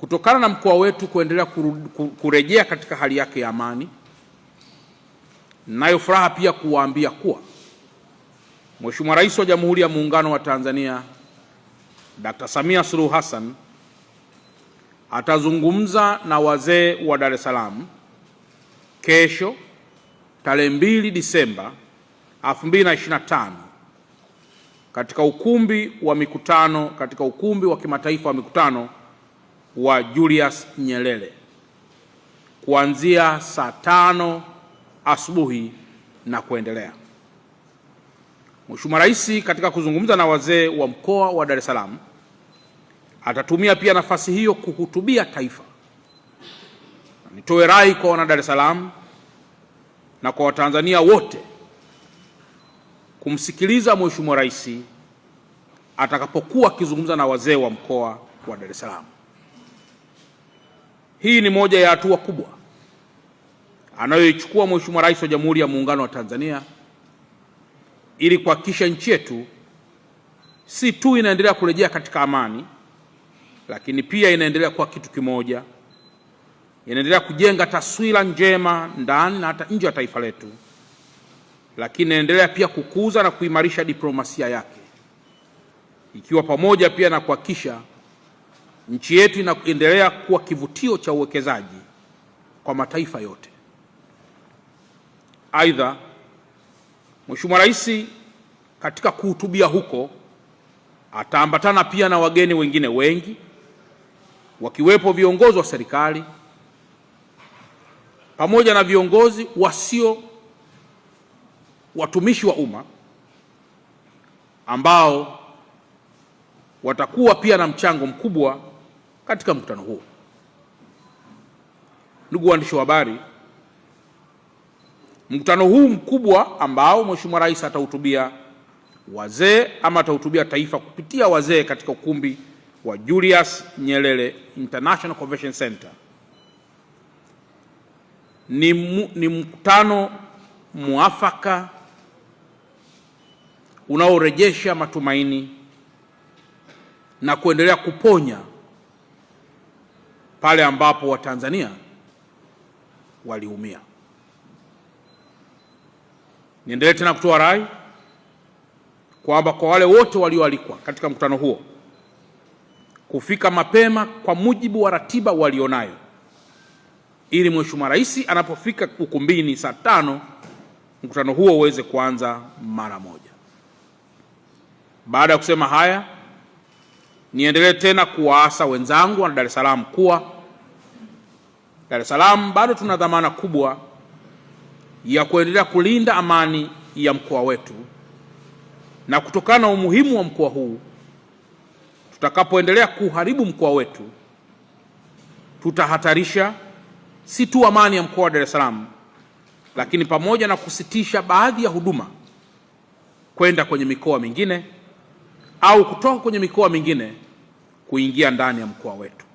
kutokana na mkoa wetu kuendelea kurejea katika hali yake ya amani. Nayo furaha pia kuwaambia kuwa Mheshimiwa Rais wa Jamhuri ya Muungano wa Tanzania Dr. Samia Suluhu Hassan atazungumza na wazee wa Dar es Salaam kesho tarehe 2 Disemba 2025 katika ukumbi wa mikutano katika ukumbi wa kimataifa wa mikutano wa Julius Nyerere kuanzia saa tano asubuhi na kuendelea. Mheshimiwa Rais katika kuzungumza na wazee wa mkoa wa Dar es Salaam atatumia pia nafasi hiyo kuhutubia taifa. Nitoe rai kwa wana Dar es Salaam na kwa Watanzania wote kumsikiliza Mheshimiwa Rais atakapokuwa akizungumza na wazee wa mkoa wa Dar es Salaam. Hii ni moja ya hatua kubwa anayoichukua Mheshimiwa Rais wa Jamhuri ya Muungano wa Tanzania ili kuhakikisha nchi yetu si tu inaendelea kurejea katika amani, lakini pia inaendelea kuwa kitu kimoja, inaendelea kujenga taswira njema ndani na hata nje ya taifa letu, lakini inaendelea pia kukuza na kuimarisha diplomasia yake, ikiwa pamoja pia na kuhakikisha nchi yetu inaendelea kuwa kivutio cha uwekezaji kwa mataifa yote. Aidha, Mheshimiwa Rais katika kuhutubia huko ataambatana pia na wageni wengine wengi wakiwepo viongozi wa serikali pamoja na viongozi wasio watumishi wa umma ambao watakuwa pia na mchango mkubwa katika mkutano huo. Ndugu waandishi wa habari, mkutano huu mkubwa ambao Mheshimiwa Rais atahutubia wazee ama atahutubia taifa kupitia wazee katika ukumbi wa Julius Nyerere International Convention Center ni, mu, ni mkutano muafaka unaorejesha matumaini na kuendelea kuponya pale ambapo Watanzania waliumia. Niendelee tena kutoa rai kwamba kwa wale wote walioalikwa katika mkutano huo kufika mapema kwa mujibu wa ratiba walionayo, ili Mheshimiwa Rais anapofika ukumbini saa tano mkutano huo uweze kuanza mara moja. Baada ya kusema haya niendelee tena kuwaasa wenzangu wana Dar es Salaam kuwa Dar es Salaam bado tuna dhamana kubwa ya kuendelea kulinda amani ya mkoa wetu, na kutokana na umuhimu wa mkoa huu, tutakapoendelea kuharibu mkoa wetu, tutahatarisha si tu amani ya mkoa wa Dar es Salaam, lakini pamoja na kusitisha baadhi ya huduma kwenda kwenye mikoa mingine au kutoka kwenye mikoa mingine kuingia ndani ya mkoa wetu.